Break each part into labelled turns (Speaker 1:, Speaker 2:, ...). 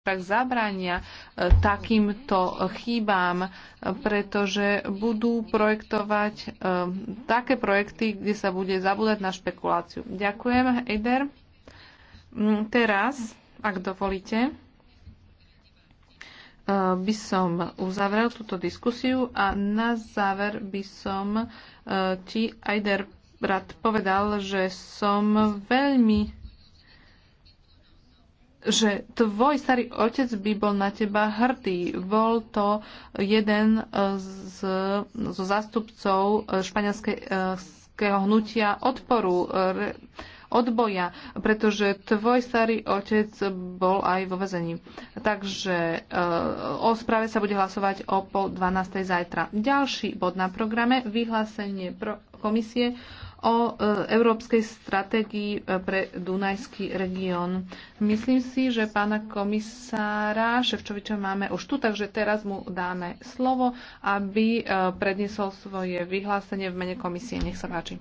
Speaker 1: tak zabrania e, takýmto chýbám, e, pretože budú projektovať e, také projekty, kde sa bude zabúdať na špekuláciu. Ďakujem, Eider. Mm, teraz, ak dovolíte, by som uzavrel túto diskusiu a na záver by som ti, Eider, rád povedal, že som veľmi že tvoj starý otec by bol na teba hrdý. Bol to jeden eh, z, zo zástupcov eh, španielského hnutia odporu, odboja, pretože tvoj starý otec bol aj vo vezení. Takže eh, o správe sa bude hlasovať o pol 12. zajtra. Ďalší bod na programe, vyhlásenie pro komisie o e, európskej stratégii e, pre Dunajský región. Myslím si, že pána komisára Ševčoviča máme už tu, takže teraz mu dáme slovo, aby e, predniesol svoje vyhlásenie v mene komisie. Nech sa páči.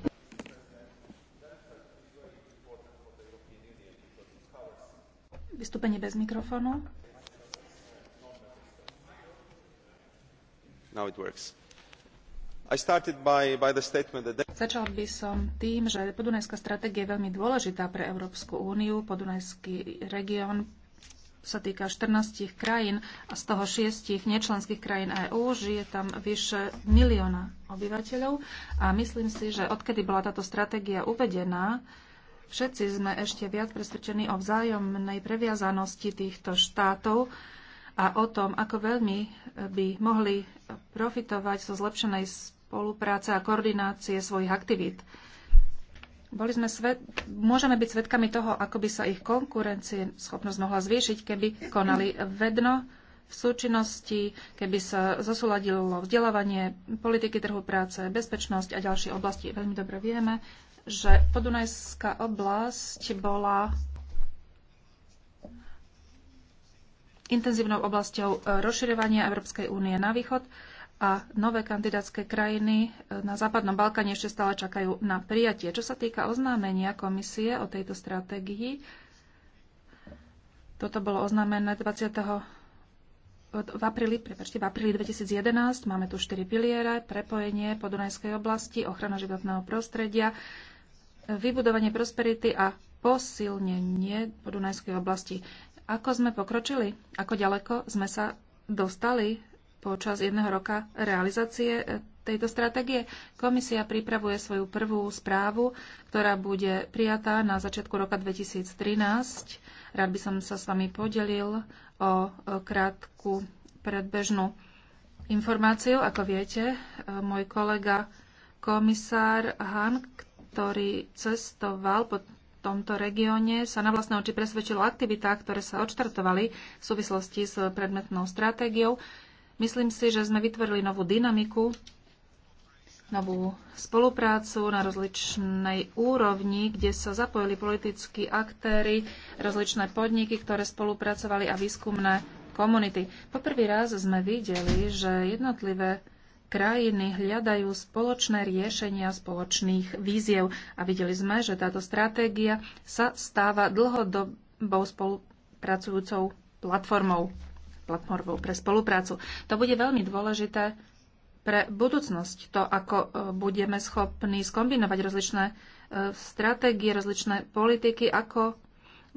Speaker 1: Vystúpenie bez mikrofónu.
Speaker 2: Now it works.
Speaker 3: Začal by som tým, že podunajská stratégia je veľmi dôležitá pre Európsku úniu. Podunajský región sa týka 14 krajín a z toho 6 nečlenských krajín EÚ. Žije tam vyše milióna obyvateľov a myslím si, že odkedy bola táto stratégia uvedená, všetci sme ešte viac presvedčení o vzájomnej previazanosti týchto štátov a o tom, ako veľmi by mohli profitovať zo so zlepšenej spolupráce a koordinácie svojich aktivít. Boli sme svet, môžeme byť svedkami toho, ako by sa ich konkurencie schopnosť mohla zvýšiť, keby konali vedno v súčinnosti, keby sa zosúladilo vzdelávanie, politiky trhu práce, bezpečnosť a ďalšie oblasti. Veľmi dobre vieme, že Podunajská oblasť bola intenzívnou oblasťou rozširovania Európskej únie na východ a nové kandidátske krajiny eh, na Západnom Balkáne ešte stále čakajú na prijatie. Čo sa týka oznámenia komisie o tejto stratégii, toto bolo oznámené 20. V apríli, prepáčte, v apríli 2011 máme tu štyri piliere, prepojenie podunajskej oblasti, ochrana životného prostredia, vybudovanie prosperity a posilnenie podunajskej oblasti. Ako sme pokročili? Ako ďaleko sme sa dostali počas jedného roka realizácie e, tejto stratégie. Komisia pripravuje svoju prvú správu, ktorá bude prijatá na začiatku roka 2013. Rád by som sa s vami podelil o e, krátku predbežnú informáciu. Ako viete, e, môj kolega komisár Han, ktorý cestoval po tomto regióne, sa na vlastné oči presvedčilo aktivitách, ktoré sa odštartovali v súvislosti s predmetnou stratégiou Myslím si, že sme vytvorili novú dynamiku, novú spoluprácu na rozličnej úrovni, kde sa zapojili politickí aktéry, rozličné podniky, ktoré spolupracovali a výskumné komunity. Poprvý raz sme videli, že jednotlivé krajiny hľadajú spoločné riešenia spoločných víziev a videli sme, že táto stratégia sa stáva dlhodobou spolupracujúcou platformou platformou pre spoluprácu. To bude veľmi dôležité pre budúcnosť, to, ako e, budeme schopní skombinovať rozličné e, stratégie, rozličné politiky, ako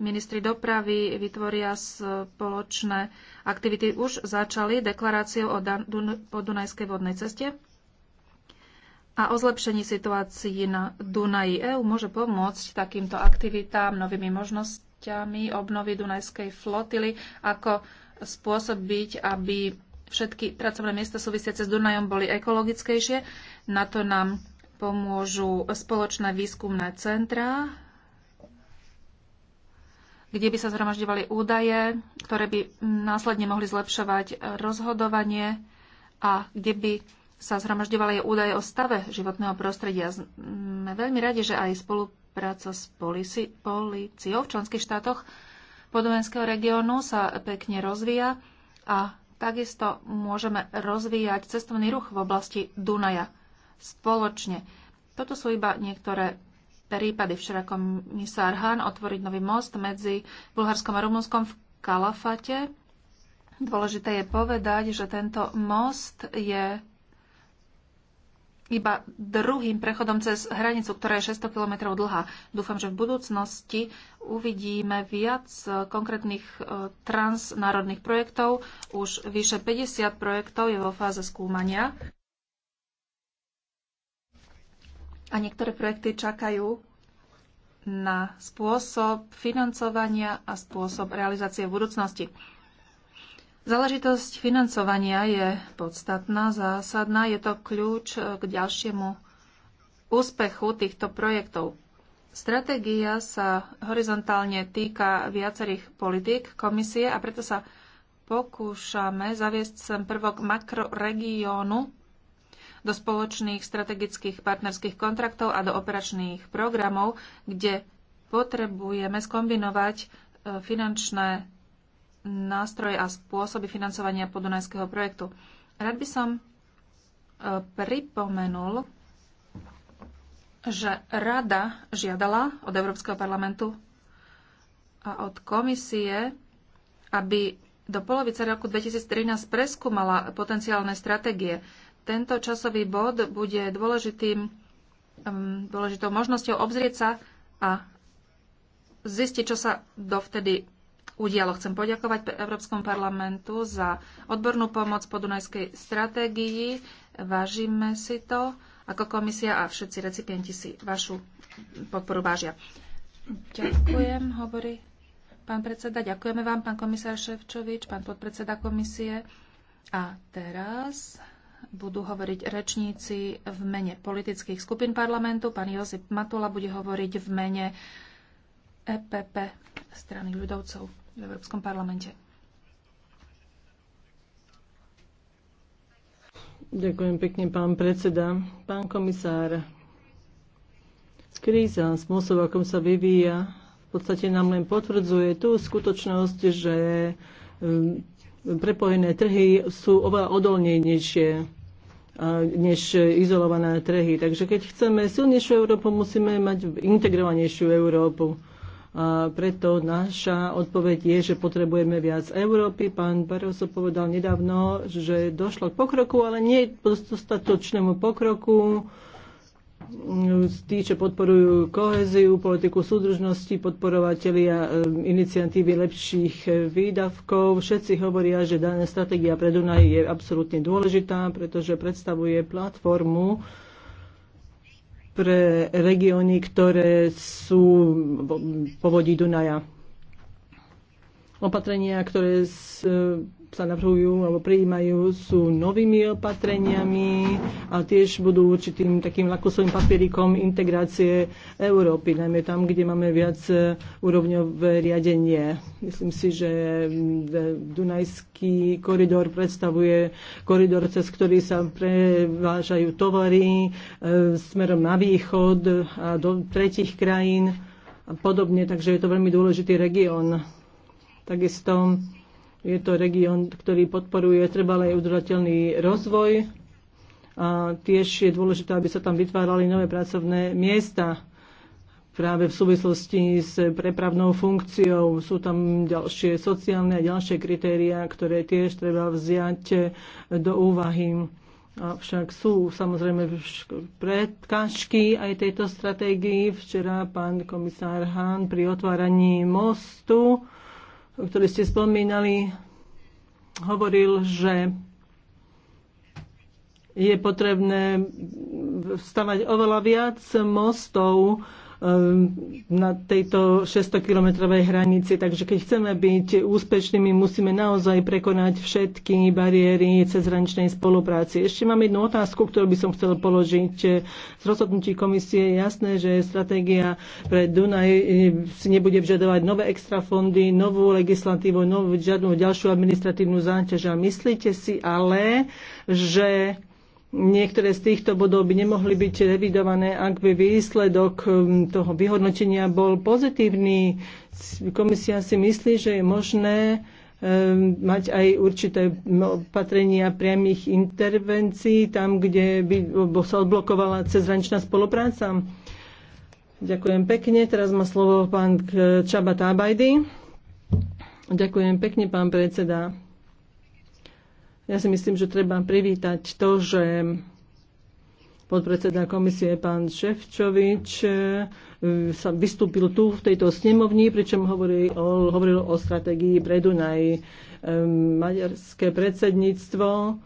Speaker 3: ministri dopravy vytvoria spoločné aktivity. Už začali deklaráciou o, Dun- po Dunajskej vodnej ceste a o zlepšení situácií na Dunaji. EU môže pomôcť takýmto aktivitám, novými možnosťami obnovy Dunajskej flotily, ako spôsobiť, aby všetky pracovné miesta súvisiace s Dunajom boli ekologickejšie. Na to nám pomôžu spoločné výskumné centra. kde by sa zhromažďovali údaje, ktoré by následne mohli zlepšovať rozhodovanie a kde by sa zhromažďovali údaje o stave životného prostredia. Sme veľmi radi, že aj spolupráca s policiou v členských štátoch podunajského regiónu sa pekne rozvíja a takisto môžeme rozvíjať cestovný ruch v oblasti Dunaja spoločne. Toto sú iba niektoré prípady. Včera komisár Hahn otvoriť nový most medzi Bulharskom a Rumunskom v Kalafate. Dôležité je povedať, že tento most je iba druhým prechodom cez hranicu, ktorá je 600 km dlhá. Dúfam, že v budúcnosti uvidíme viac eh, konkrétnych eh, transnárodných projektov. Už vyše 50 projektov je vo fáze skúmania. A niektoré projekty čakajú na spôsob financovania a spôsob realizácie v budúcnosti. Záležitosť financovania je podstatná, zásadná. Je to kľúč e, k ďalšiemu úspechu týchto projektov. Stratégia sa horizontálne týka viacerých politík komisie a preto sa pokúšame zaviesť sem prvok makroregiónu do spoločných strategických partnerských kontraktov a do operačných programov, kde potrebujeme skombinovať e, finančné nástroje a spôsoby financovania podunajského projektu. Rád by som e, pripomenul, že Rada žiadala od Európskeho parlamentu a od komisie, aby do polovice roku 2013 preskúmala potenciálne stratégie. Tento časový bod bude dôležitým, dôležitou možnosťou obzrieť sa a zistiť, čo sa dovtedy udialo. Chcem poďakovať Európskom parlamentu za odbornú pomoc po Dunajskej stratégii. Vážime si to ako komisia a všetci recipienti si vašu podporu vážia. Ďakujem, hovorí pán predseda. Ďakujeme vám, pán komisár Ševčovič, pán podpredseda komisie. A teraz budú hovoriť rečníci v mene politických skupín parlamentu. Pán Jozip Matula bude hovoriť v mene EPP strany ľudovcov v Európskom parlamente.
Speaker 4: Ďakujem pekne, pán predseda. Pán komisár, kríza, spôsob, akom sa vyvíja, v podstate nám len potvrdzuje tú skutočnosť, že e, prepojené trhy sú oveľa odolnejšie e, než izolované trhy. Takže keď chceme silnejšiu Európu, musíme mať integrovanejšiu Európu. A preto naša odpoveď je, že potrebujeme viac Európy. Pán Barroso povedal nedávno, že došlo k pokroku, ale nie k dostatočnému pokroku. Tí, čo podporujú koheziu, politiku súdružnosti, podporovatelia e, iniciatívy lepších výdavkov, všetci hovoria, že daná stratégia pre Dunaj je absolútne dôležitá, pretože predstavuje platformu, pre regióny, ktoré sú povodí Dunaja. Opatrenia, ktoré sa navrhujú alebo prijímajú, sú novými opatreniami a tiež budú určitým takým lakosovým papierikom integrácie Európy, najmä tam, kde máme viac e, úrovňové riadenie. Myslím si, že e, Dunajský koridor predstavuje koridor, cez ktorý sa prevážajú tovary e, smerom na východ a do tretich krajín a podobne, takže je to veľmi dôležitý región. Takisto je to región, ktorý podporuje trvalý udržateľný rozvoj. A tiež je dôležité, aby sa tam vytvárali nové pracovné miesta práve v súvislosti s prepravnou funkciou. Sú tam ďalšie sociálne a ďalšie kritériá, ktoré tiež treba vziať do úvahy. Avšak sú samozrejme predkážky aj tejto stratégii. Včera pán komisár Hahn pri otváraní mostu ktorý ste spomínali, hovoril, že je potrebné stavať oveľa viac mostov Ehm, na tejto 600-kilometrovej hranici. Takže keď chceme byť úspešnými, musíme naozaj prekonať všetky bariéry cezhraničnej spolupráci. Ešte mám jednu otázku, ktorú by som chcel položiť. Z rozhodnutí komisie je jasné, že stratégia pre Dunaj eh, si nebude vžadovať nové extra fondy, novú legislatívu, novú, žiadnu ďalšiu administratívnu záťaž. A myslíte si ale, že Niektoré z týchto bodov by nemohli byť revidované, ak by výsledok um, toho vyhodnotenia bol pozitívny. Komisia si myslí, že je možné um, mať aj určité opatrenia priamých intervencií tam, kde by sa odblokovala cezhraničná spolupráca. Ďakujem pekne. Teraz má slovo pán Čaba Tábajdy. Ďakujem pekne, pán predseda. Ja si myslím, že treba privítať to, že podpredseda komisie pán Ševčovič eh, sa vystúpil tu v tejto snemovni, pričom hovoril o, hovoril o stratégii pre Dunaj. Ehm, maďarské predsedníctvo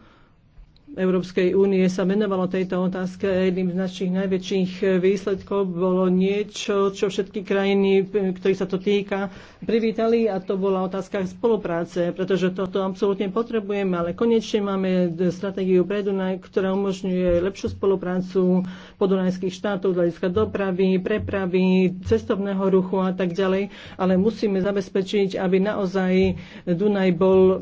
Speaker 4: Európskej únie sa venovalo tejto otázke. Jedným z našich najväčších výsledkov bolo niečo, čo všetky krajiny, ktorých sa to týka, privítali a to bola otázka spolupráce, pretože toto absolútne potrebujeme, ale konečne máme stratégiu pre Dunaj, ktorá umožňuje lepšiu spoluprácu podunajských štátov, hľadiska dopravy, prepravy, cestovného ruchu a tak ďalej, ale musíme zabezpečiť, aby naozaj Dunaj bol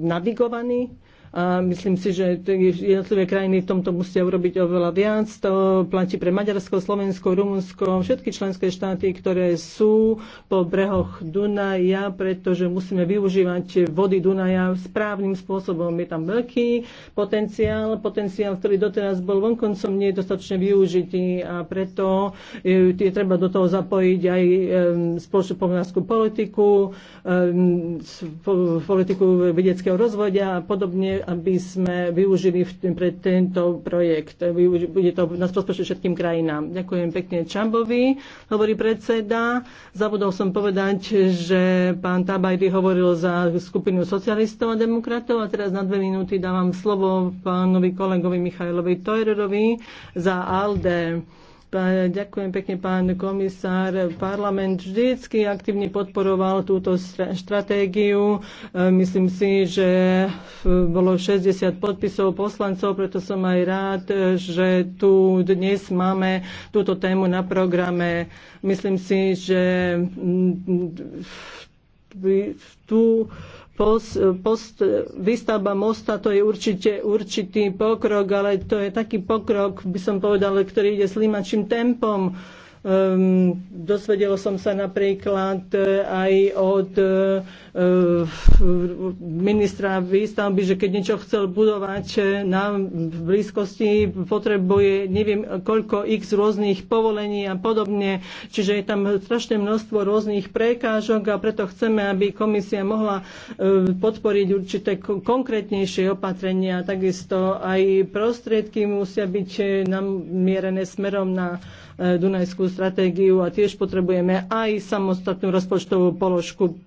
Speaker 4: navigovaný, a myslím si, že jednotlivé krajiny v tomto musia urobiť oveľa viac. To platí pre Maďarsko, Slovensko, Rumunsko, všetky členské štáty, ktoré sú po brehoch Dunaja, pretože musíme využívať vody Dunaja správnym spôsobom. Je tam veľký potenciál, potenciál, ktorý doteraz bol vonkoncom nedostatočne využitý a preto je treba do toho zapojiť aj spoločnú poľnohospodárskú politiku, politiku vedeckého rozvoja a podobne aby sme využili pre tento projekt. Bude to nás prospešne všetkým krajinám. Ďakujem pekne Čambovi, hovorí predseda. Zabudol som povedať, že pán Tabajdy hovoril za skupinu socialistov a demokratov a teraz na dve minúty dávam slovo pánovi kolegovi Michailovi Tojerovi za ALDE. Ďakujem pekne, pán komisár. Parlament vždycky aktívne podporoval túto stratégiu. E, myslím si, že bolo 60 podpisov poslancov, preto som aj rád, že tu dnes máme túto tému na programe. Myslím si, že tu post, post, výstavba mosta to je určite určitý pokrok, ale to je taký pokrok, by som povedala, ktorý ide slimačím tempom Um, ehm, dosvedelo som sa napríklad e, aj od uh, ministra výstavby, že keď niečo chcel budovať na v blízkosti, potrebuje neviem koľko x rôznych povolení a podobne. Čiže je tam strašné množstvo rôznych prekážok a preto chceme, aby komisia mohla uh, podporiť určité konkrétnejšie opatrenia. Takisto aj prostriedky musia byť namierené smerom na Dunajskú stratégiu a tiež potrebujeme aj samostatnú rozpočtovú položku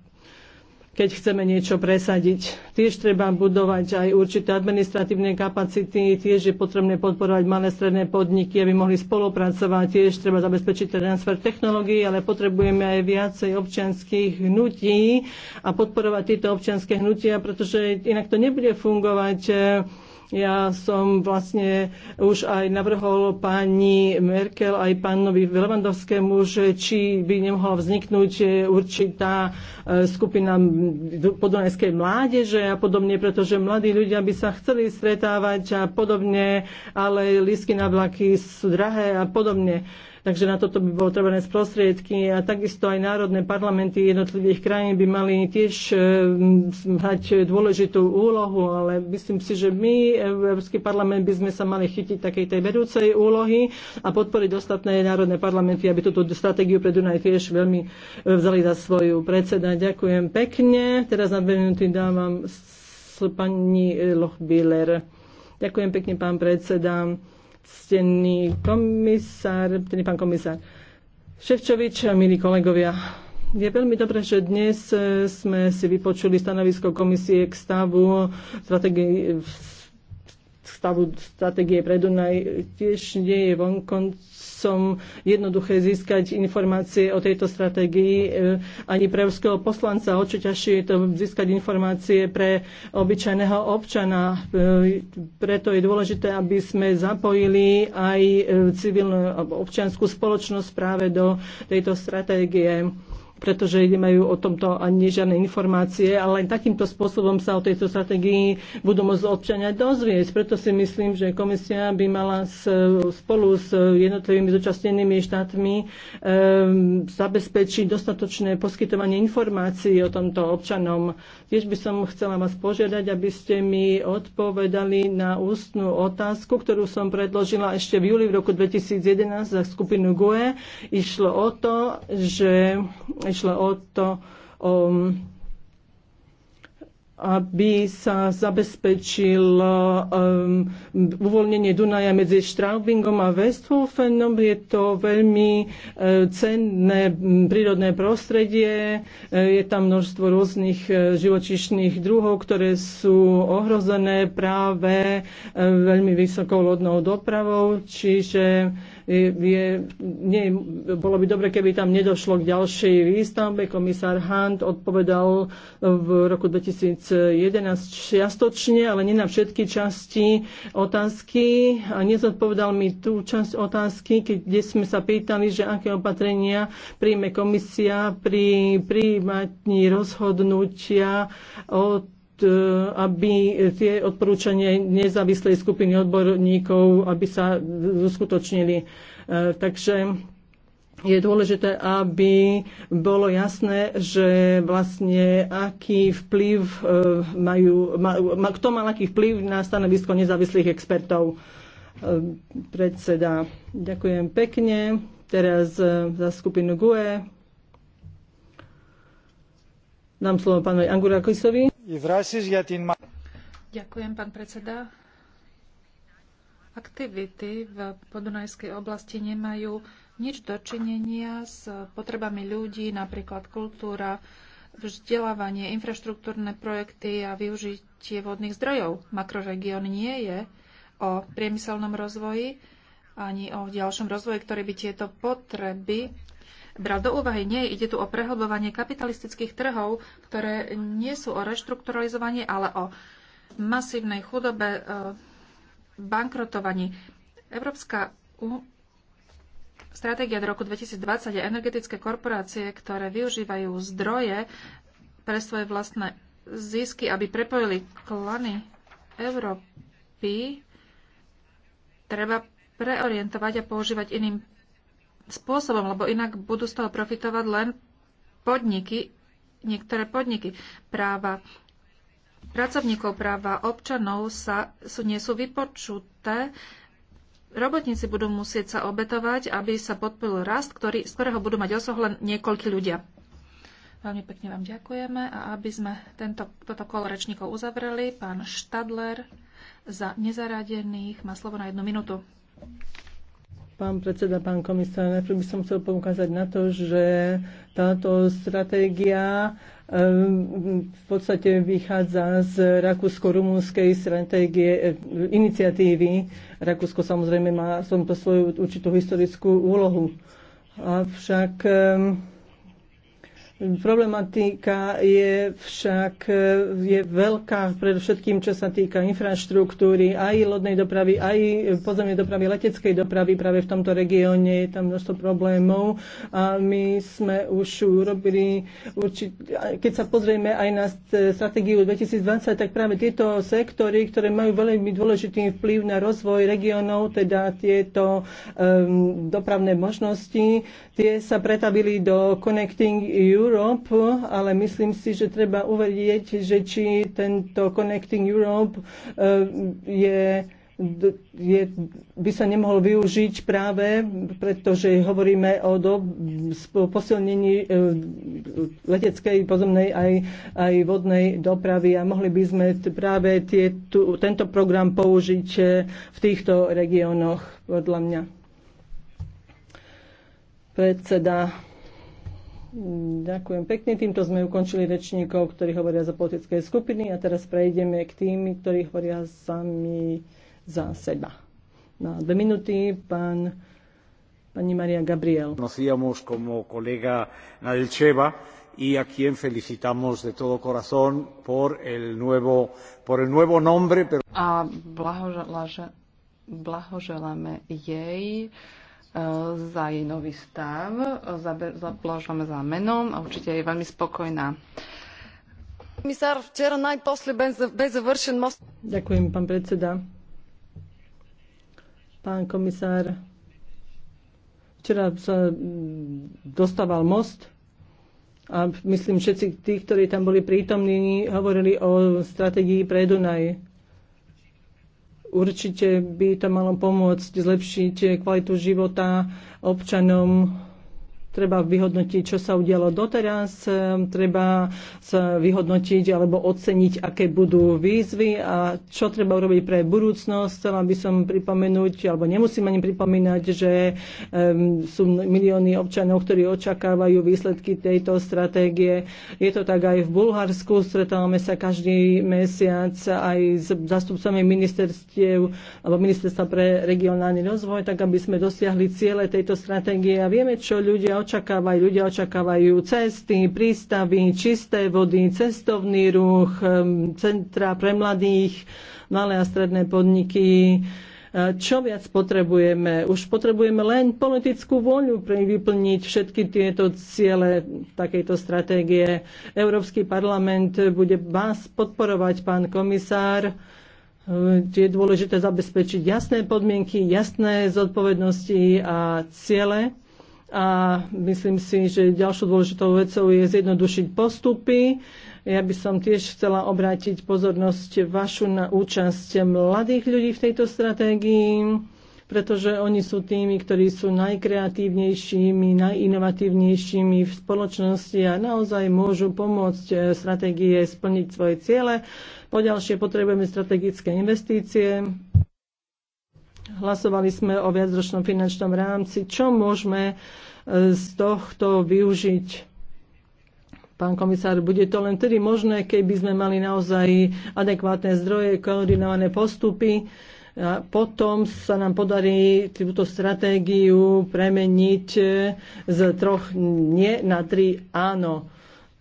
Speaker 4: keď chceme niečo presadiť. Tiež treba budovať aj určité administratívne kapacity, tiež je potrebné podporovať malé stredné podniky, aby mohli spolupracovať, tiež treba zabezpečiť transfer technológií, ale potrebujeme aj viacej občianských hnutí a podporovať tieto občianské hnutia, pretože inak to nebude fungovať ja som vlastne už aj navrhol pani Merkel aj pánovi Velevandovskému, že či by nemohla vzniknúť určitá e, skupina podunajskej mládeže a podobne, pretože mladí ľudia by sa chceli stretávať a podobne, ale lísky na vlaky sú drahé a podobne takže na toto by bolo trebné prostriedky a takisto aj národné parlamenty jednotlivých krajín by mali tiež e, hrať dôležitú úlohu, ale myslím si, že my, Európsky parlament, by sme sa mali chytiť takej tej vedúcej úlohy a podporiť ostatné národné parlamenty, aby túto stratégiu pre Dunaj tiež veľmi e, vzali za svoju predseda. Ďakujem pekne. Teraz na dve minúty dávam s pani e, Lochbiller. Ďakujem pekne, pán predseda ctený komisár, ctený pán komisár Ševčovič a milí kolegovia. Je veľmi dobré, že dnes eh, sme si vypočuli stanovisko komisie k stavu stratégie stavu stratégie pre Dunaj. Tiež nie je vonkoncom jednoduché získať informácie o tejto stratégii eh, ani pre ruského poslanca. Oči ťažšie je to získať informácie pre obyčajného občana. Eh, preto je dôležité, aby sme zapojili aj eh, civilnú občianskú spoločnosť práve do tejto stratégie pretože nemajú o tomto ani žiadne informácie, ale len takýmto spôsobom sa o tejto stratégii budú môcť občania dozvieť. Preto si myslím, že komisia by mala spolu s jednotlivými zúčastnenými štátmi ehm, zabezpečiť dostatočné poskytovanie informácií o tomto občanom. Tiež by som chcela vás požiadať, aby ste mi odpovedali na ústnu otázku, ktorú som predložila ešte v júli v roku 2011 za skupinu GUE. Išlo o to, že išlo o to, um, aby sa zabezpečilo um, uvoľnenie Dunaja medzi Straubingom a Westhofenom. Je to veľmi uh, cenné prírodné prostredie. Uh, je tam množstvo rôznych uh, e, živočišných druhov, ktoré sú ohrozené práve uh, veľmi vysokou lodnou dopravou. Čiže uh, je, nie, bolo by dobre, keby tam nedošlo k ďalšej výstavbe. Komisár Hunt odpovedal v roku 2011 čiastočne, ale nie na všetky časti otázky a nezodpovedal mi tú časť otázky, kde sme sa pýtali, že aké opatrenia príjme komisia pri príjmaní rozhodnutia o E, aby tie odporúčania nezávislej skupiny odborníkov, aby sa uskutočnili. E, takže je dôležité, aby bolo jasné, že vlastne aký vplyv e, majú, kto mal aký vplyv na stanovisko nezávislých expertov. Predseda, ďakujem pekne. Teraz za skupinu GUE dám slovo pánovi Angurakisovi.
Speaker 2: Ďakujem,
Speaker 3: pán predseda. Aktivity v podunajskej oblasti nemajú nič dočinenia s potrebami ľudí, napríklad kultúra, vzdelávanie, infraštruktúrne projekty a využitie vodných zdrojov. Makroregión nie je o priemyselnom rozvoji ani o ďalšom rozvoji, ktorý by tieto potreby bral do úvahy. Nie, ide tu o prehlbovanie kapitalistických trhov, ktoré nie sú o reštrukturalizovanie, ale o masívnej chudobe, e, bankrotovaní. Európska stratégia do roku 2020 je energetické korporácie, ktoré využívajú zdroje pre svoje vlastné zisky, aby prepojili klany Európy, treba preorientovať a používať iným spôsobom, lebo inak budú z toho profitovať len podniky, niektoré podniky. Práva pracovníkov, práva občanov sa, sú, nie sú vypočuté. Robotníci budú musieť sa obetovať, aby sa podporil rast, ktorý, z ktorého budú mať osoh len niekoľkí ľudia. Veľmi pekne vám ďakujeme a aby sme tento, toto kolo rečníkov uzavreli, pán Štadler za nezaradených má slovo na jednu
Speaker 4: minútu. Pán predseda, pán komisár, najprv by som chcel poukázať na to, že táto stratégia ehm, v podstate vychádza z rakúsko-rumúnskej stratégie ehm, iniciatívy. Rakúsko samozrejme má som to svoju určitú historickú úlohu. Avšak ehm, Problematika je však je veľká, predovšetkým čo sa týka infraštruktúry, aj lodnej dopravy, aj pozemnej dopravy, leteckej dopravy. Práve v tomto regióne je tam množstvo problémov a my sme už urobili, určite, keď sa pozrieme aj na stratégiu 2020, tak práve tieto sektory, ktoré majú veľmi dôležitý vplyv na rozvoj regiónov, teda tieto um, dopravné možnosti, tie sa pretavili do Connecting Europe Europe, ale myslím si, že treba uvedieť, že či tento Connecting Europe eh, je je, by sa nemohol využiť práve, pretože hovoríme o do, posilnení eh, leteckej, pozemnej aj, aj vodnej dopravy a mohli by sme práve tie, tu, tento program použiť eh, v týchto regiónoch, podľa mňa. Predseda Ďakujem pekne. Týmto sme ukončili rečníkov, ktorí hovoria za politické skupiny a teraz prejdeme k tým, ktorí hovoria sami za seba. Na dve minúty pán, pani Maria Gabriel.
Speaker 1: Nosíamos como colega Nadelcheva y a quien felicitamos de todo corazón por el nuevo, por el nuevo nombre. Pero... A blahoželáme jej za jej nový stav. Zablážame za menom a určite je veľmi spokojná. Ďakujem,
Speaker 4: pán predseda. Pán komisár, včera sa dostával most a myslím všetci tí, ktorí tam boli prítomní, hovorili o stratégii pre Dunaj Určite by to malo pomôcť zlepšiť kvalitu života občanom treba vyhodnotiť, čo sa udialo doteraz, e, treba sa vyhodnotiť alebo oceniť, aké budú výzvy a čo treba urobiť pre budúcnosť. Chcela by som pripomenúť, alebo nemusím ani pripomínať, že um, sú milióny občanov, ktorí očakávajú výsledky tejto stratégie. Je to tak aj v Bulharsku, stretávame sa každý mesiac aj s zastupcami ministerstiev alebo ministerstva pre regionálny rozvoj, tak aby sme dosiahli ciele tejto stratégie a vieme, čo ľudia očakávajú. Ľudia očakávajú cesty, prístavy, čisté vody, cestovný ruch, centra pre mladých, malé a stredné podniky. E, čo viac potrebujeme? Už potrebujeme len politickú voľu pre vyplniť všetky tieto ciele takejto stratégie. Európsky parlament bude vás podporovať, pán komisár e, je dôležité zabezpečiť jasné podmienky, jasné zodpovednosti a ciele a myslím si, že ďalšou dôležitou vecou je zjednodušiť postupy. Ja by som tiež chcela obrátiť pozornosť vašu na účasť mladých ľudí v tejto stratégii, pretože oni sú tými, ktorí sú najkreatívnejšími, najinovatívnejšími v spoločnosti a naozaj môžu pomôcť eh, stratégie splniť svoje ciele. Poďalšie potrebujeme strategické investície, Hlasovali sme o viacročnom finančnom rámci, čo môžeme z tohto využiť pán komisár, bude to len tedy možné, keby sme mali naozaj adekvátne zdroje, koordinované postupy. A potom sa nám podarí túto stratégiu premeniť z troch nie na tri áno.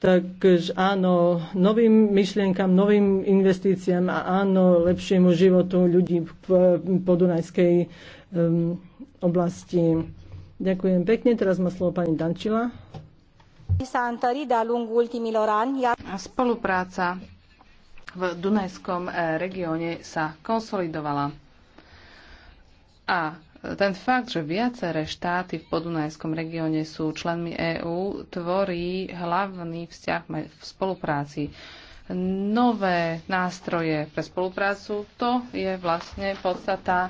Speaker 4: Takže áno, novým myšlienkam, novým investíciám a áno, lepšiemu životu ľudí v podunajskej um, oblasti. Ďakujem pekne. Teraz má slovo pani Dančila.
Speaker 1: Spolupráca v Dunajskom eh, regióne sa konsolidovala. A eh, ten fakt, že viaceré štáty v podunajskom regióne sú členmi EÚ, tvorí hlavný vzťah v spolupráci nové nástroje pre spoluprácu. To je vlastne podstata e,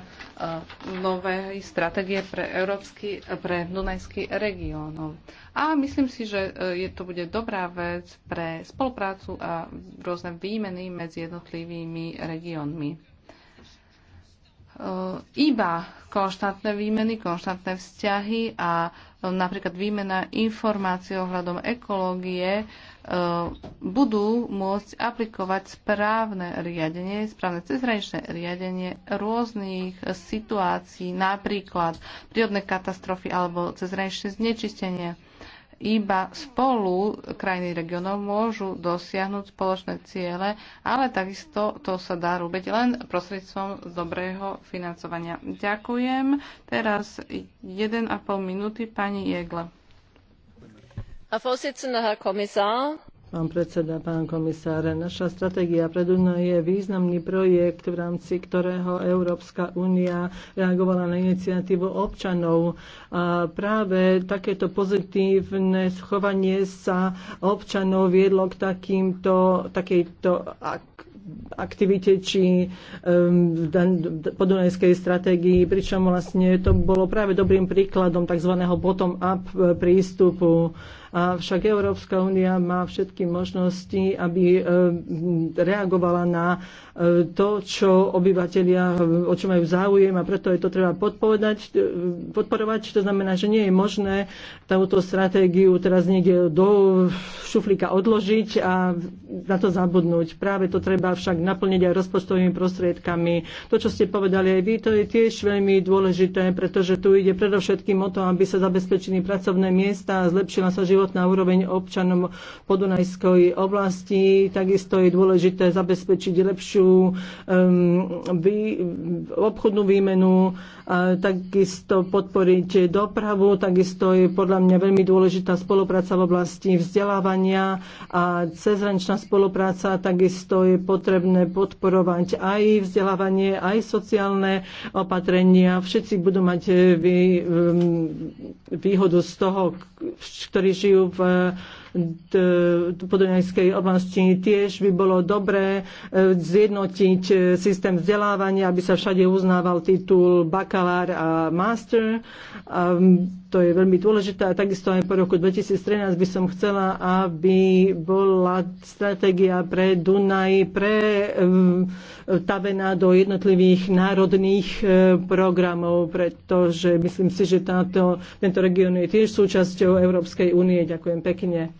Speaker 1: novej stratégie pre, európsky, e, pre Dunajský región. A myslím si, že e, je, to bude dobrá vec pre spoluprácu a rôzne výmeny medzi jednotlivými regiónmi iba konštantné výmeny, konštantné vzťahy a napríklad výmena informácií ohľadom ekológie E, budú môcť aplikovať správne riadenie, správne cezhraničné riadenie rôznych situácií, napríklad prírodné katastrofy alebo cezhraničné znečistenie. Iba spolu krajiny regionov môžu dosiahnuť spoločné ciele, ale takisto to sa dá robiť len prostredstvom dobrého financovania. Ďakujem. Teraz 1,5 minúty pani Jegle predseda,
Speaker 4: pán komisár, naša stratégia pre Dunaj je významný projekt, v rámci ktorého Európska únia reagovala na iniciatívu občanov. A práve takéto pozitívne schovanie sa občanov viedlo k takýmto, takejto aktivite či v podunajskej stratégii, pričom vlastne to bolo práve dobrým príkladom tzv. bottom-up e, prístupu. A však Európska únia má všetky možnosti, aby e, reagovala na e, to, čo obyvateľia, o čo majú záujem a preto je to treba podporovať. To znamená, že nie je možné túto stratégiu teraz niekde do šuflíka odložiť a na to zabudnúť. Práve to treba však naplniť aj rozpočtovými prostriedkami. To, čo ste povedali aj vy, to je tiež veľmi dôležité, pretože tu ide predovšetkým o to, aby sa zabezpečili pracovné miesta a zlepšila sa životná úroveň občanom podunajskej oblasti. Takisto je dôležité zabezpečiť lepšiu um, vý, obchodnú výmenu, a takisto podporiť dopravu, takisto je podľa mňa veľmi dôležitá spolupráca v oblasti vzdelávania a cezrančná spolupráca, takisto je pod potrebné podporovať aj vzdelávanie, aj sociálne opatrenia. Všetci budú mať eh, mm, výhodu z toho, ktorí žijú v podunajskej oblasti tiež by bolo dobré eh, zjednotiť eh, systém vzdelávania, aby sa všade uznával titul bakalár a master. Mm, to je veľmi dôležité a takisto aj po roku 2013 by som chcela, aby bola stratégia pre Dunaj tavená do jednotlivých národných e, programov, pretože myslím si, že táto, tento región je tiež súčasťou Európskej únie. Ďakujem pekne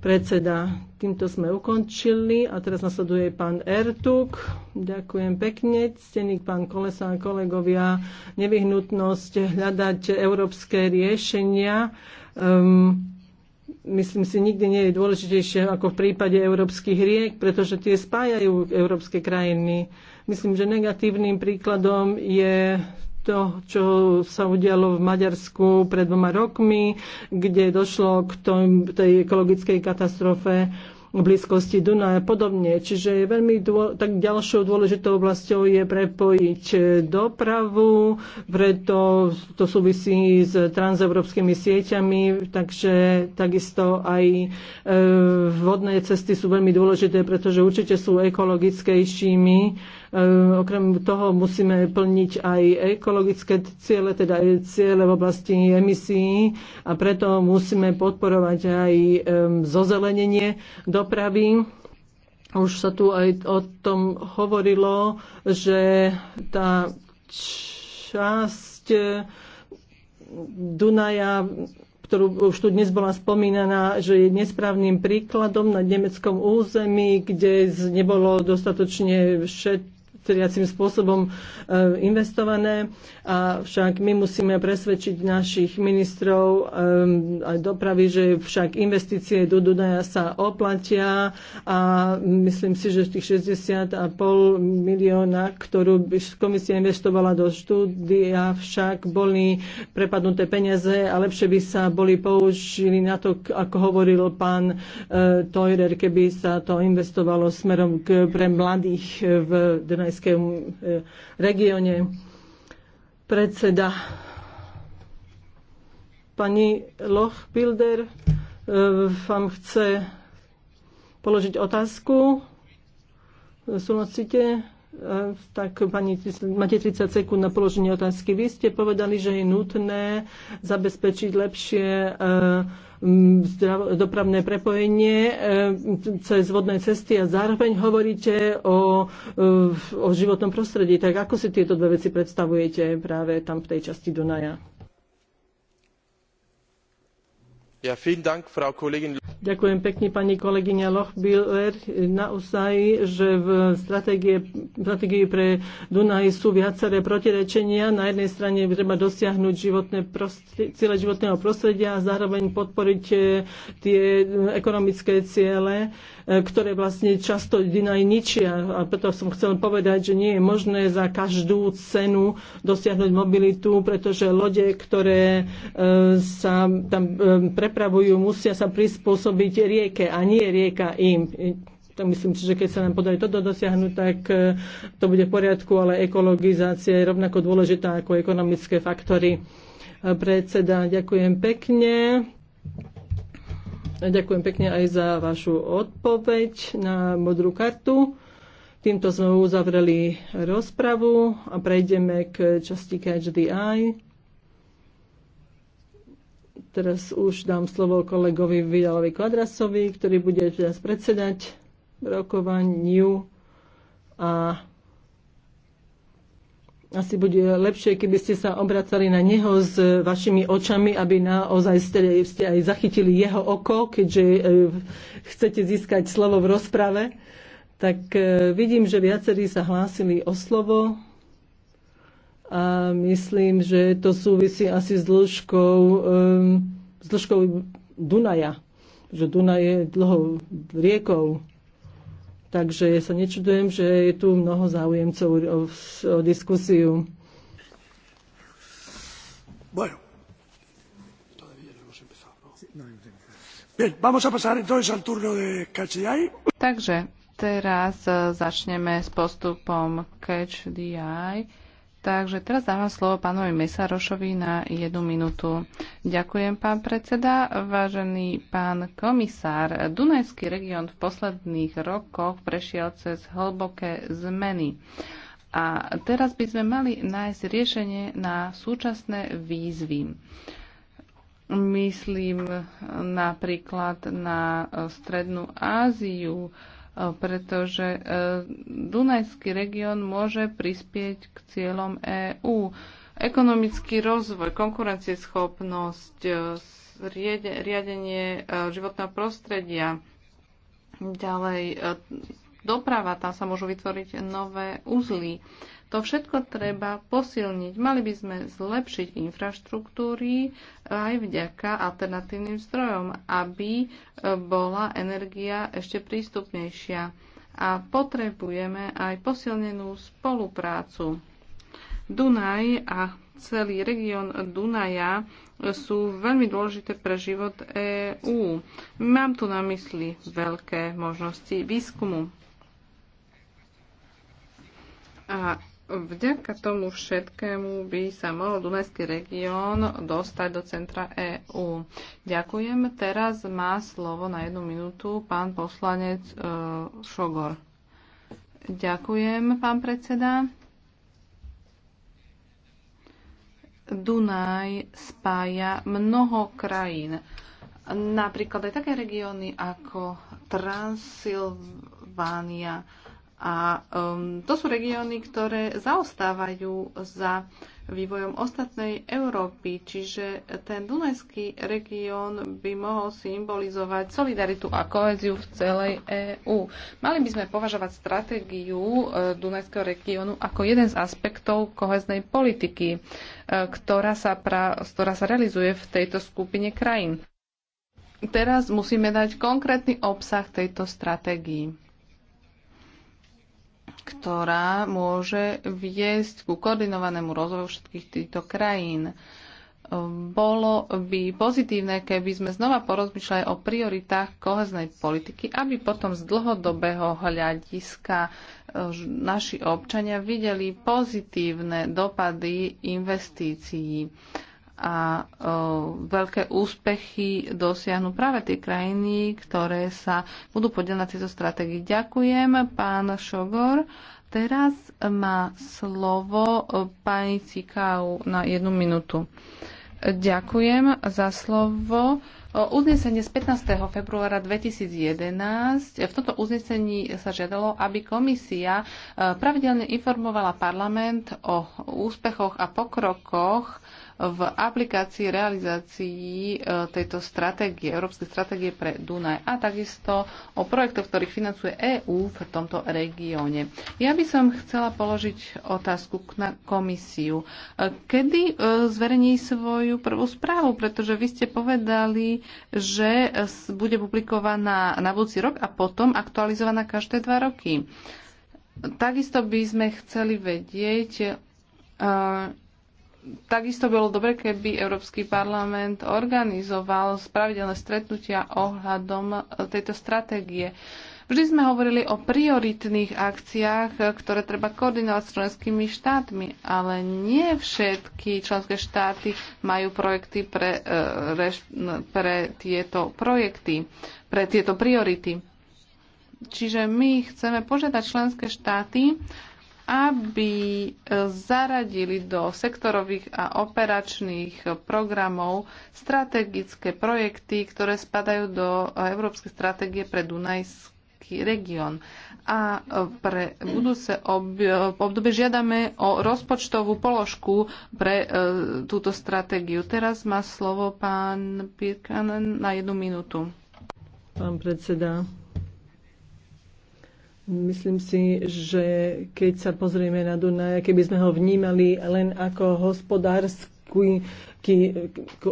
Speaker 4: predseda. Týmto sme ukončili a teraz nasleduje pán Ertuk. Ďakujem pekne. Ctený pán Kolesa a kolegovia, nevyhnutnosť hľadať európske riešenia. Um, myslím si, nikdy nie je dôležitejšie ako v prípade európskych riek, pretože tie spájajú európske krajiny. Myslím, že negatívnym príkladom je to, čo sa udialo v Maďarsku pred dvoma rokmi, kde došlo k tej ekologickej katastrofe v blízkosti Dunaja a podobne. Čiže je veľmi dô, tak ďalšou dôležitou oblasťou je prepojiť dopravu, preto to súvisí s transeurópskymi sieťami, takže takisto aj e, vodné cesty sú veľmi dôležité, pretože určite sú ekologickejšími Ehm, okrem toho musíme plniť aj ekologické ciele, teda aj ciele v oblasti emisí a preto musíme podporovať aj ehm, zozelenenie dopravy. Už sa tu aj o tom hovorilo, že tá časť Dunaja ktorú už tu dnes bola spomínaná, že je nesprávnym príkladom na nemeckom území, kde nebolo dostatočne všet triacím spôsobom e, investované, a však my musíme presvedčiť našich ministrov e, aj dopravy, že však investície do Dunaja sa oplatia a myslím si, že tých 60,5 milióna, ktorú by komisia investovala do štúdia, však boli prepadnuté peniaze a lepšie by sa boli použili na to, ako hovoril pán e, Teurer, keby sa to investovalo smerom k, pre mladých v Dunaj Dunajskom e, regióne. Predseda pani Lochbilder e, vám chce položiť otázku. Súhlasíte? E, tak pani, máte 30 sekúnd na položenie otázky. Vy ste povedali, že je nutné zabezpečiť lepšie Mm, dopravné prepojenie e, cez vodné cesty a zároveň hovoríte o, e, o životnom prostredí. Tak ako si tieto dve veci predstavujete práve tam v tej časti Dunaja?
Speaker 2: Ďakujem
Speaker 4: pekne pani kolegyňa Lochbiller. Naozaj, že v stratégii pre Dunaj sú viaceré protirečenia. Na jednej strane treba dosiahnuť životné ciele životného prostredia a zároveň podporiť eh, tie eh, ekonomické ciele. E, ktoré vlastne často aj ničia. A preto som chcel povedať, že nie je možné za každú cenu dosiahnuť mobilitu, pretože lode, ktoré e, sa tam e, prepravujú, musia sa prispôsobiť rieke a nie rieka im To myslím si, že keď sa nám podarí toto dosiahnuť, tak to bude v poriadku, ale ekologizácia je rovnako dôležitá ako ekonomické faktory. Predseda, ďakujem pekne. Ďakujem pekne aj za vašu odpoveď na modrú kartu. Týmto sme uzavreli rozpravu a prejdeme k časti Catch the Eye. Teraz už dám slovo kolegovi Vidalovi Kvadrasovi, ktorý bude teraz predsedať rokovaniu a asi bude lepšie, keby ste sa obracali na neho s vašimi očami, aby naozaj ste, ste aj zachytili jeho oko, keďže e, chcete získať slovo v rozprave. Tak e, vidím, že viacerí sa hlásili o slovo a myslím, že to súvisí asi s dĺžkou, e, s dĺžkou Dunaja, že Dunaj je dlhou riekou. Takže sa nečudujem, že je tu mnoho záujemcov o, o diskusiu.
Speaker 1: Bueno.
Speaker 2: Bien, vamos a pasar entonces al turno de KCI.
Speaker 1: Takže teraz eh, začneme s postupom Catch the Eye. Takže teraz dávam slovo pánovi Mesarošovi na jednu minútu. Ďakujem, pán predseda. Vážený pán komisár, Dunajský región v posledných rokoch prešiel cez hlboké zmeny. A teraz by sme mali nájsť riešenie na súčasné výzvy. Myslím napríklad na Strednú Áziu, E, pretože e, Dunajský región môže prispieť k cieľom EÚ. Ekonomický rozvoj, konkurencieschopnosť, e, riadenie životného prostredia, ďalej doprava, tam sa môžu vytvoriť nové uzly. To všetko treba posilniť. Mali by sme zlepšiť infraštruktúry aj vďaka alternatívnym zdrojom, aby e, bola energia ešte prístupnejšia. A potrebujeme aj posilnenú spoluprácu. Dunaj a celý región Dunaja sú veľmi dôležité pre život EÚ. Mám tu na mysli veľké možnosti výskumu. A Vďaka tomu všetkému by sa mal Dunajský región dostať do centra EÚ. Ďakujem. Teraz má slovo na jednu minútu pán poslanec e, Šogor. Ďakujem, pán predseda. Dunaj spája mnoho krajín. Napríklad aj také regióny ako Transylvánia, a um, to sú regióny, ktoré zaostávajú za vývojom ostatnej Európy, čiže ten Dunajský región by mohol symbolizovať solidaritu a koheziu v celej EÚ. Mali by sme považovať stratégiu e, Dunajského regiónu ako jeden z aspektov koheznej politiky, e, ktorá sa, pra, ktorá sa realizuje v tejto skupine krajín. Teraz musíme dať konkrétny obsah tejto stratégii ktorá môže viesť ku koordinovanému rozvoju všetkých týchto krajín. Bolo by pozitívne, keby sme znova porozmýšľali o prioritách koheznej politiky, aby potom z dlhodobého hľadiska eh, naši občania videli pozitívne dopady investícií a veľké úspechy dosiahnu práve tie krajiny, ktoré sa budú podielať na tieto stratégie. Ďakujem, pán Šogor. Teraz má slovo pani Cikau na jednu minútu. Ďakujem za slovo. Uznesenie z 15. februára 2011. V tomto uznesení sa žiadalo, aby komisia e, pravidelne informovala parlament o úspechoch a pokrokoch v aplikácii, realizácii e, tejto stratégie, európskej stratégie pre Dunaj a takisto o projektoch, ktorých financuje EÚ v tomto regióne. Ja by som chcela položiť otázku na komisiu. E, kedy e, zverejní svoju prvú správu? Pretože vy ste povedali, že bude publikovaná na budúci rok a potom aktualizovaná každé dva roky. Takisto by sme chceli vedieť, takisto bolo dobre, keby Európsky parlament organizoval spravidelné stretnutia ohľadom e, tejto stratégie. Vždy sme hovorili o prioritných akciách, e, ktoré treba koordinovať s členskými štátmi, ale nie všetky členské štáty majú projekty pre, e, re, pre tieto projekty, pre tieto priority. Čiže my chceme požiadať členské štáty, aby e, zaradili do sektorových a operačných programov strategické projekty, ktoré spadajú do Európskej stratégie pre Dunajský región. A e, pre budúce obdobie žiadame o rozpočtovú položku pre e, túto stratégiu. Teraz má slovo pán Pirkanen na jednu minútu. Pán predseda, Myslím
Speaker 4: si, že keď sa pozrieme na Dunaj, keby sme ho vnímali len ako hospodárskú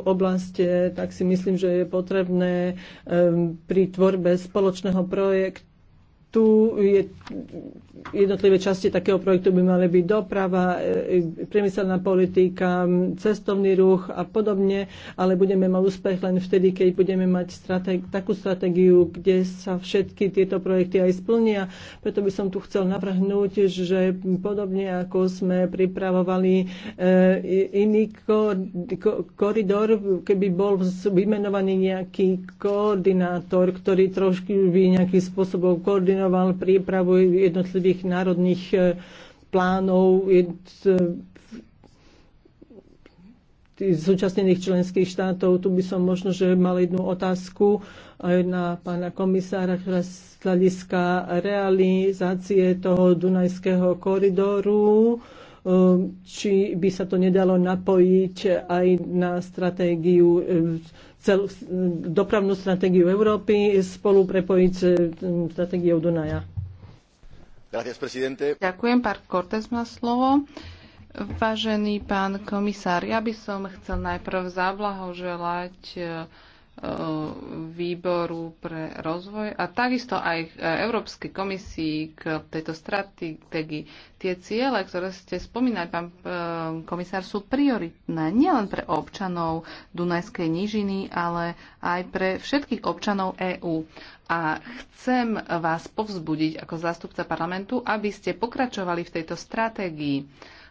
Speaker 4: oblasti, tak si myslím, že je potrebné pri tvorbe spoločného projektu tu je, jednotlivé časti takého projektu by mali byť doprava, e, priemyselná politika, cestovný ruch a podobne, ale budeme mať úspech len vtedy, keď budeme mať takú stratégiu, kde sa všetky tieto projekty aj splnia. Preto by som tu chcel navrhnúť, že podobne ako sme pripravovali e, iný ko- ko- koridor, keby bol vymenovaný nejaký koordinátor, ktorý trošku by nejakým spôsobom koordinoval koordinoval prípravu jednotlivých národných e, plánov e, e, zúčastnených členských štátov. Tu by som možno, že mal jednu otázku aj na pána komisára z hľadiska realizácie toho Dunajského koridoru či by sa to nedalo napojiť aj na stratégiu celú dopravnú stratégiu Európy spolu prepojiť s stratégiou Dunaja.
Speaker 2: Gracias,
Speaker 1: Ďakujem, pán Cortés má slovo. Vážený pán komisár, ja by som chcel najprv zablahoželať e, výboru pre rozvoj a takisto aj Európskej komisii k tejto stratégii. Tie ciele, ktoré ste spomínali, pán e, komisár, sú prioritné nielen pre občanov Dunajskej nížiny, ale aj pre všetkých občanov EÚ. A chcem vás povzbudiť ako zástupca parlamentu, aby ste pokračovali v tejto stratégii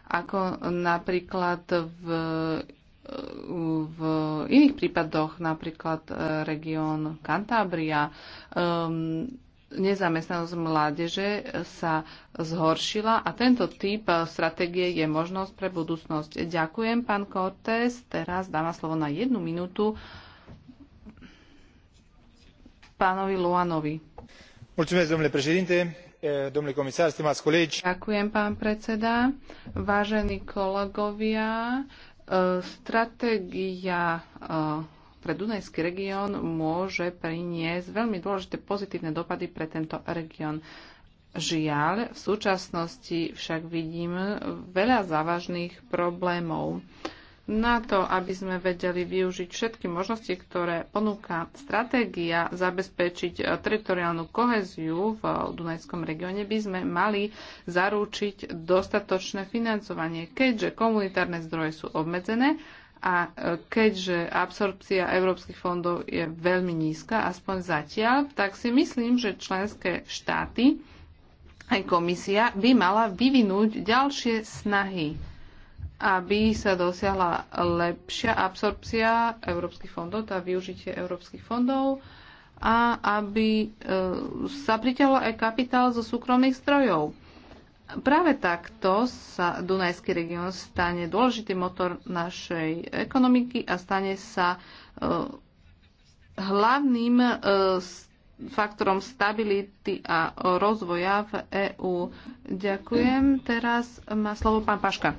Speaker 1: ako napríklad v v iných prípadoch, napríklad e, región Kantábria, ehm, nezamestnanosť mládeže sa zhoršila a tento typ e, stratégie je možnosť pre budúcnosť. Ďakujem, pán Cortés. Teraz dáva slovo na jednu minútu pánovi Luanovi.
Speaker 3: E,
Speaker 1: Ďakujem, pán predseda. Vážení kolegovia, Stratégia eh, pre Dunajský región môže priniesť veľmi dôležité pozitívne dopady pre tento región. Žiaľ, v súčasnosti však vidím veľa závažných problémov na to, aby sme vedeli využiť všetky možnosti, ktoré ponúka stratégia zabezpečiť e, teritoriálnu koheziu v Dunajskom regióne, by sme mali zaručiť dostatočné financovanie, keďže komunitárne zdroje sú obmedzené a e, keďže absorpcia európskych fondov je veľmi nízka, aspoň zatiaľ, tak si myslím, že členské štáty aj komisia by mala vyvinúť ďalšie snahy aby sa dosiahla lepšia absorpcia európskych fondov, tá teda využitie európskych fondov a aby e, sa priťahol aj kapitál zo súkromných strojov. Práve takto sa Dunajský región stane dôležitý motor našej ekonomiky a stane sa e, hlavným e, faktorom stability a rozvoja v EÚ. Ďakujem. Teraz má slovo pán Paška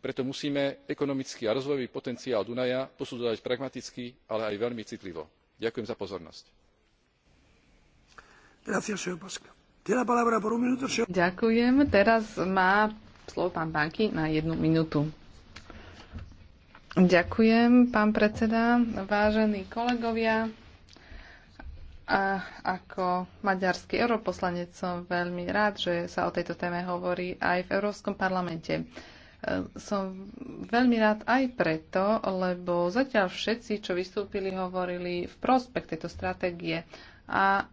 Speaker 2: preto musíme ekonomický a rozvojový potenciál dunaja posudzovať pragmaticky ale aj veľmi citlivo. ďakujem za pozornosť.
Speaker 1: Ďakujem. Teraz má slovo na jednu minútu. Ďakujem, pán predseda, vážení ako maďarský europoslanec som veľmi rád, že sa o tejto téme hovorí aj v Európskom parlamente. Ehm, som veľmi rád aj preto, lebo zatiaľ všetci, čo vystúpili, hovorili v prospech tejto stratégie. A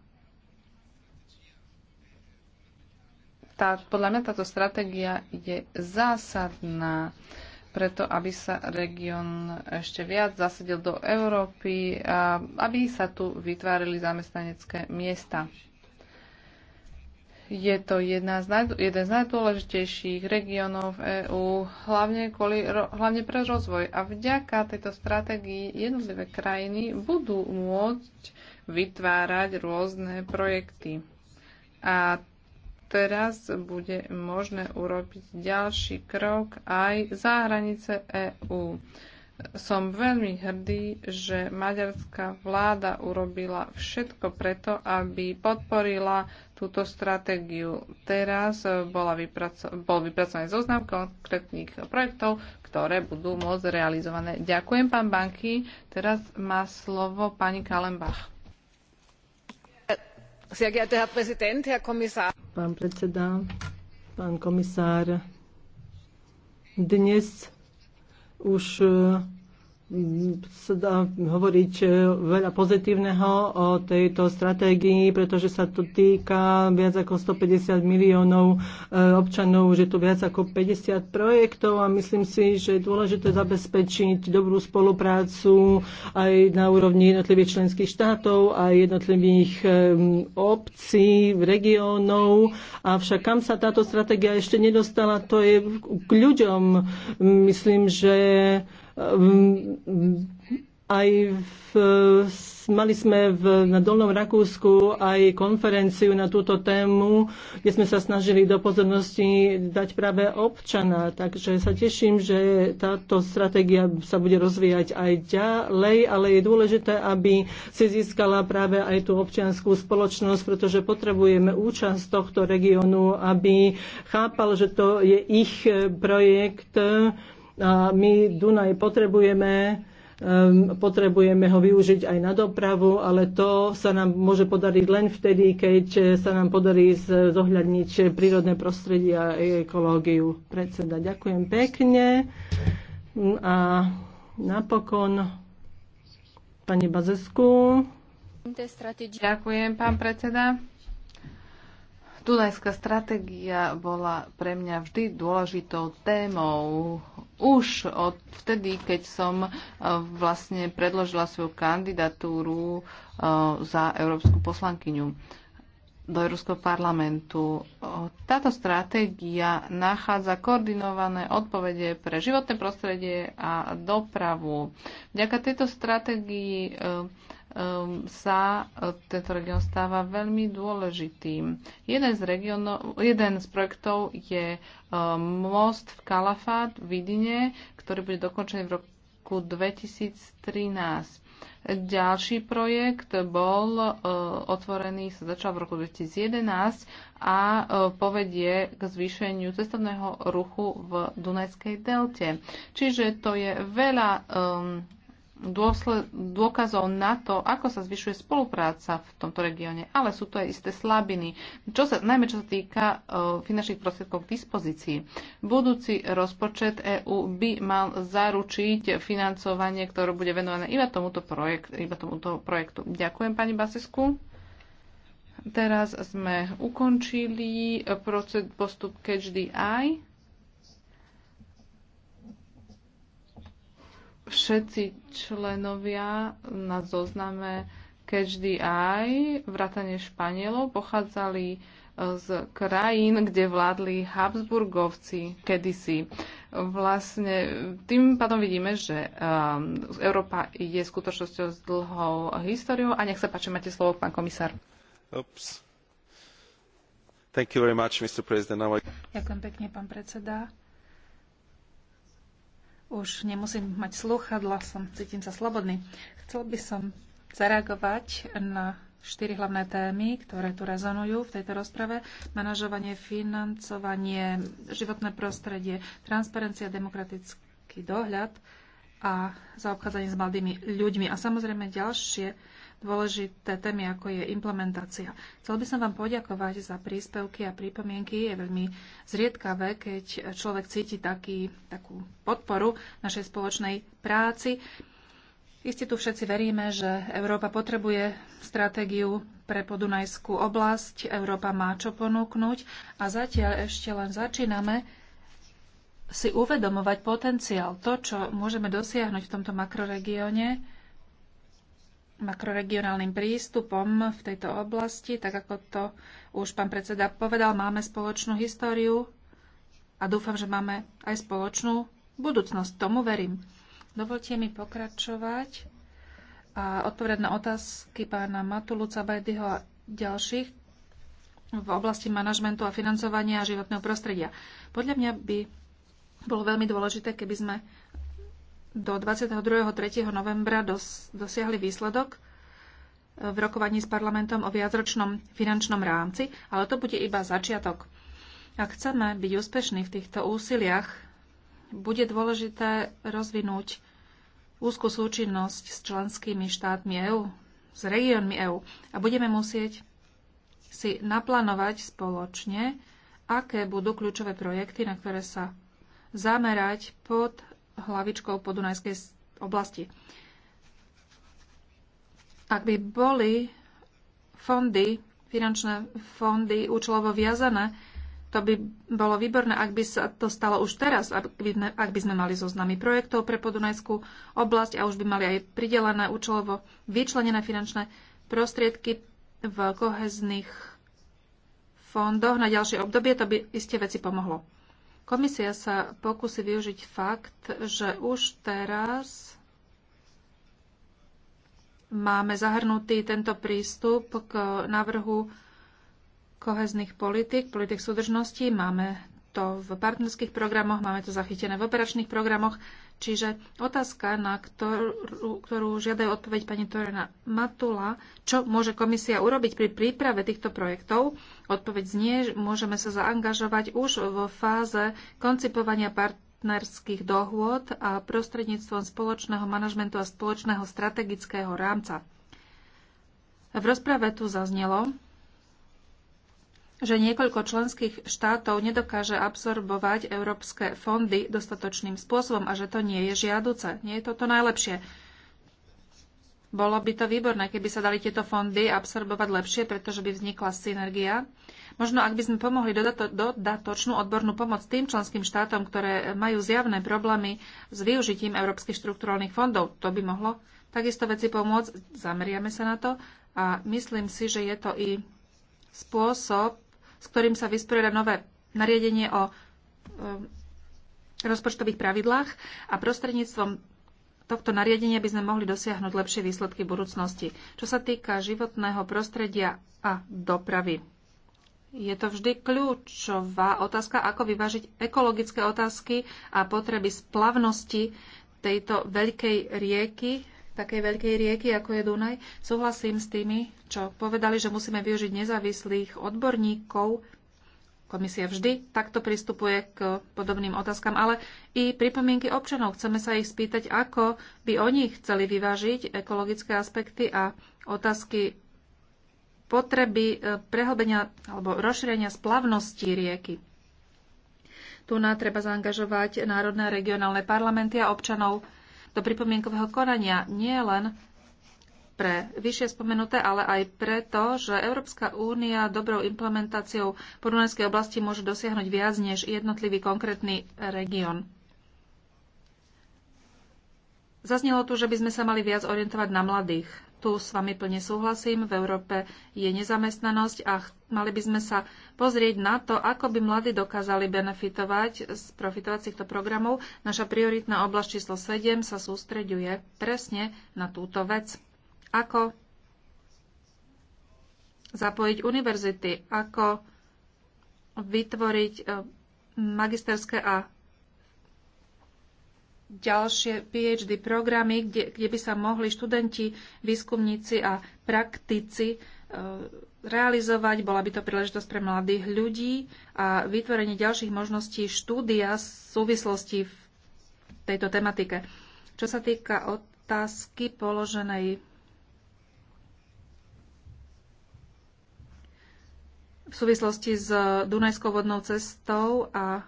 Speaker 1: tá, podľa mňa táto stratégia je zásadná preto, aby sa región ešte viac zasadil do Európy a aby sa tu vytvárali zamestnanecké miesta. Je to jedna z naj, jeden z najdôležitejších regiónov EÚ, hlavne, kvôli, hlavne pre rozvoj. A vďaka tejto stratégii jednotlivé krajiny budú môcť vytvárať rôzne projekty. A teraz bude možné urobiť ďalší krok aj za hranice EÚ som veľmi hrdý, že maďarská vláda urobila všetko preto, aby podporila túto stratégiu. Teraz eh, bola vypraco- bol vypracovaný zoznam konkrétnych projektov, ktoré budú môcť realizované. Ďakujem, pán Banky. Teraz má slovo pani Kalembach.
Speaker 4: Pán predseda, pán komisár, dnes už sa dá hovoriť e, veľa pozitívneho o tejto stratégii, pretože sa to týka viac ako 150 miliónov e, občanov, že to viac ako 50 projektov a myslím si, že je dôležité zabezpečiť dobrú spoluprácu aj na úrovni jednotlivých členských štátov a jednotlivých e, obcí, regiónov. Avšak kam sa táto stratégia ešte nedostala, to je k ľuďom. Myslím, že Ehm, aj v, mali sme v, na Dolnom Rakúsku aj konferenciu na túto tému, kde sme sa snažili do pozornosti dať práve občana. Takže sa teším, že táto stratégia sa bude rozvíjať aj ďalej, ale je dôležité, aby si získala práve aj tú občianskú spoločnosť, pretože potrebujeme účasť tohto regiónu, aby chápal, že to je ich projekt a my Dunaj potrebujeme, potrebujeme ho využiť aj na dopravu, ale to sa nám môže podariť len vtedy, keď sa nám podarí zohľadniť prírodné prostredie a ekológiu. Predseda, ďakujem pekne. A napokon
Speaker 1: pani Bazesku. Ďakujem, pán predseda. Dunajská stratégia bola pre mňa vždy dôležitou témou už od vtedy, keď som e, vlastne predložila svoju kandidatúru e, za európsku poslankyňu do Európskeho parlamentu. E, táto stratégia nachádza koordinované odpovede pre životné prostredie a dopravu. Vďaka tejto stratégii Ehm, sa e, tento región stáva veľmi dôležitým. Jeden z, regiono, jeden z projektov je e, most v Kalafát v Vidine, ktorý bude dokončený v roku 2013. Ďalší projekt bol e, otvorený, sa začal v roku 2011 a povedie k zvýšeniu cestovného ruchu v Dunajskej delte. Čiže to je veľa um, dôsled, dôkazov na to, ako sa zvyšuje spolupráca v tomto regióne, ale sú to aj isté slabiny, čo sa, najmä čo sa týka e, finančných prostriedkov k dispozícii. Budúci rozpočet EÚ by mal zaručiť financovanie, ktoré bude venované iba tomuto, projekt, iba tomuto projektu. Ďakujem pani Basesku. Teraz sme ukončili postup CatchDI. všetci členovia na zozname Každý aj vrátane Španielov, pochádzali e, z krajín, kde vládli Habsburgovci kedysi. Vlastne tým pádom vidíme, že um, Európa je skutočnosťou s dlhou históriou. A nech sa páči, máte slovo, pán komisár. Oops.
Speaker 3: Thank you very much, Mr. President. Now I...
Speaker 1: Ďakujem pekne, pán predseda.
Speaker 3: Už nemusím mať slúchadla, som, cítim sa slobodný. Chcel by som zareagovať na štyri hlavné témy, ktoré tu rezonujú v tejto rozprave. Manažovanie, financovanie, životné prostredie, transparencia, demokratický dohľad a zaobchádzanie s mladými ľuďmi. A samozrejme ďalšie dôležité témy, ako je implementácia. Chcel by som vám poďakovať za príspevky a prípomienky. Je veľmi zriedkavé, keď človek cíti taký, takú podporu našej spoločnej práci. Isté tu všetci veríme, že Európa potrebuje stratégiu pre podunajskú oblasť, Európa má čo ponúknuť a zatiaľ ešte len začíname si uvedomovať potenciál, to, čo môžeme dosiahnuť v tomto makroregióne, makroregionálnym prístupom v tejto oblasti. Tak ako to už pán predseda povedal, máme spoločnú históriu a dúfam, že máme aj spoločnú budúcnosť. Tomu verím. Dovolte mi pokračovať a odpovedať na otázky pána Matulu Cabajdyho a ďalších v oblasti manažmentu a financovania životného prostredia. Podľa mňa by bolo veľmi dôležité, keby sme do 22. 3. novembra dos, dosiahli výsledok e, v rokovaní s parlamentom o viacročnom finančnom rámci, ale to bude iba začiatok. Ak chceme byť úspešní v týchto úsiliach, bude dôležité rozvinúť úzku súčinnosť s členskými štátmi EÚ, s regiónmi EÚ a budeme musieť si naplánovať spoločne, aké budú kľúčové projekty, na ktoré sa zamerať pod hlavičkou Dunajskej oblasti. Ak by boli fondy, finančné fondy účelovo viazané, to by bolo výborné, ak by sa to stalo už teraz, ak by, ak by sme mali zoznamy projektov pre Podunajskú oblasť a už by mali aj pridelené účelovo vyčlenené finančné prostriedky v kohezných fondoch na ďalšie obdobie, to by iste veci pomohlo. Komisia sa pokusí využiť fakt, že už teraz máme zahrnutý tento prístup k návrhu kohezných politik, politik súdržnosti. Máme to v partnerských programoch, máme to zachytené v operačných programoch. Čiže otázka, na ktorú, ktorú žiadajú odpoveď pani Torena Matula, čo môže komisia urobiť pri príprave týchto projektov, odpoveď znie, že môžeme sa zaangažovať už vo fáze koncipovania partnerských dohôd a prostredníctvom spoločného manažmentu a spoločného strategického rámca. V rozprave tu zaznelo, že niekoľko členských štátov nedokáže absorbovať európske fondy dostatočným spôsobom a že to nie je žiaduce. Nie je toto najlepšie. Bolo by to výborné, keby sa dali tieto fondy absorbovať lepšie, pretože by vznikla synergia. Možno ak by sme pomohli dodato, dodatočnú odbornú pomoc tým členským štátom, ktoré majú zjavné problémy s využitím európskych štrukturálnych fondov, to by mohlo takisto veci pomôcť. Zameriame sa na to a myslím si, že je to i spôsob, s ktorým sa vysporiada nové nariadenie o um, rozpočtových pravidlách a prostredníctvom tohto nariadenia by sme mohli dosiahnuť lepšie výsledky v budúcnosti. Čo sa týka životného prostredia a dopravy. Je to vždy kľúčová otázka, ako vyvážiť ekologické otázky a potreby splavnosti tejto veľkej rieky takej veľkej rieky, ako je Dunaj. Súhlasím s tými, čo povedali, že musíme využiť nezávislých odborníkov. Komisia vždy takto pristupuje k podobným otázkam, ale i pripomienky občanov. Chceme sa ich spýtať, ako by oni chceli vyvážiť ekologické aspekty a otázky potreby e, prehlbenia alebo rozšírenia splavnosti rieky. Tu na treba zaangažovať národné a regionálne parlamenty a občanov do pripomienkového konania nie len pre vyššie spomenuté, ale aj preto, že Európska únia dobrou implementáciou podunajskej oblasti môže dosiahnuť viac než jednotlivý konkrétny región. Zaznelo tu, že by sme sa mali viac orientovať na mladých tu s vami plne súhlasím. V Európe je nezamestnanosť a mali by sme sa pozrieť na to, ako by mladí dokázali benefitovať z profitovacíchto programov. Naša prioritná oblasť číslo 7 sa sústreďuje presne na túto vec. Ako zapojiť univerzity, ako vytvoriť eh, magisterské a ďalšie PhD programy, kde, kde by sa mohli študenti, výskumníci a praktici e, realizovať. Bola by to príležitosť pre mladých ľudí a vytvorenie ďalších možností štúdia v súvislosti v tejto tematike. Čo sa týka otázky položenej v súvislosti s Dunajskou vodnou cestou a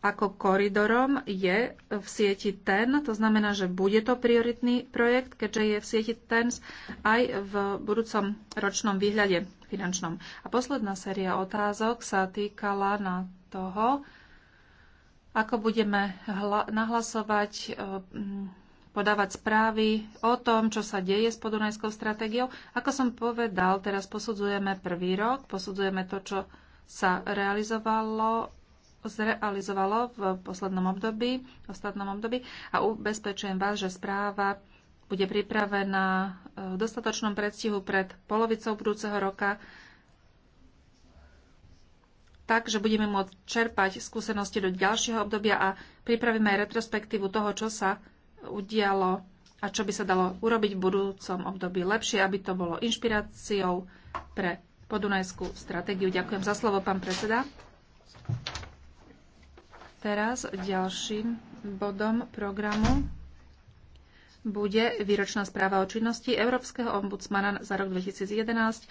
Speaker 3: ako koridorom je v sieti TEN, to znamená, že bude to prioritný projekt, keďže je v sieti TEN aj v budúcom ročnom výhľade finančnom. A posledná séria otázok sa týkala na toho, ako budeme nahlasovať, e, podávať správy o tom, čo sa deje s podunajskou stratégiou. Ako som povedal, teraz posudzujeme prvý rok, posudzujeme to, čo sa realizovalo zrealizovalo v poslednom období, v ostatnom období a ubezpečujem vás, že správa bude pripravená e, v dostatočnom predstihu pred polovicou budúceho roka, tak, že budeme môcť čerpať skúsenosti do ďalšieho obdobia a pripravíme aj retrospektívu toho, čo sa udialo a čo by sa dalo urobiť v budúcom období lepšie, aby to bolo inšpiráciou pre podunajskú stratégiu. Ďakujem za slovo, pán predseda. Teraz ďalším bodom programu bude výročná správa o činnosti Európskeho ombudsmana za rok 2011.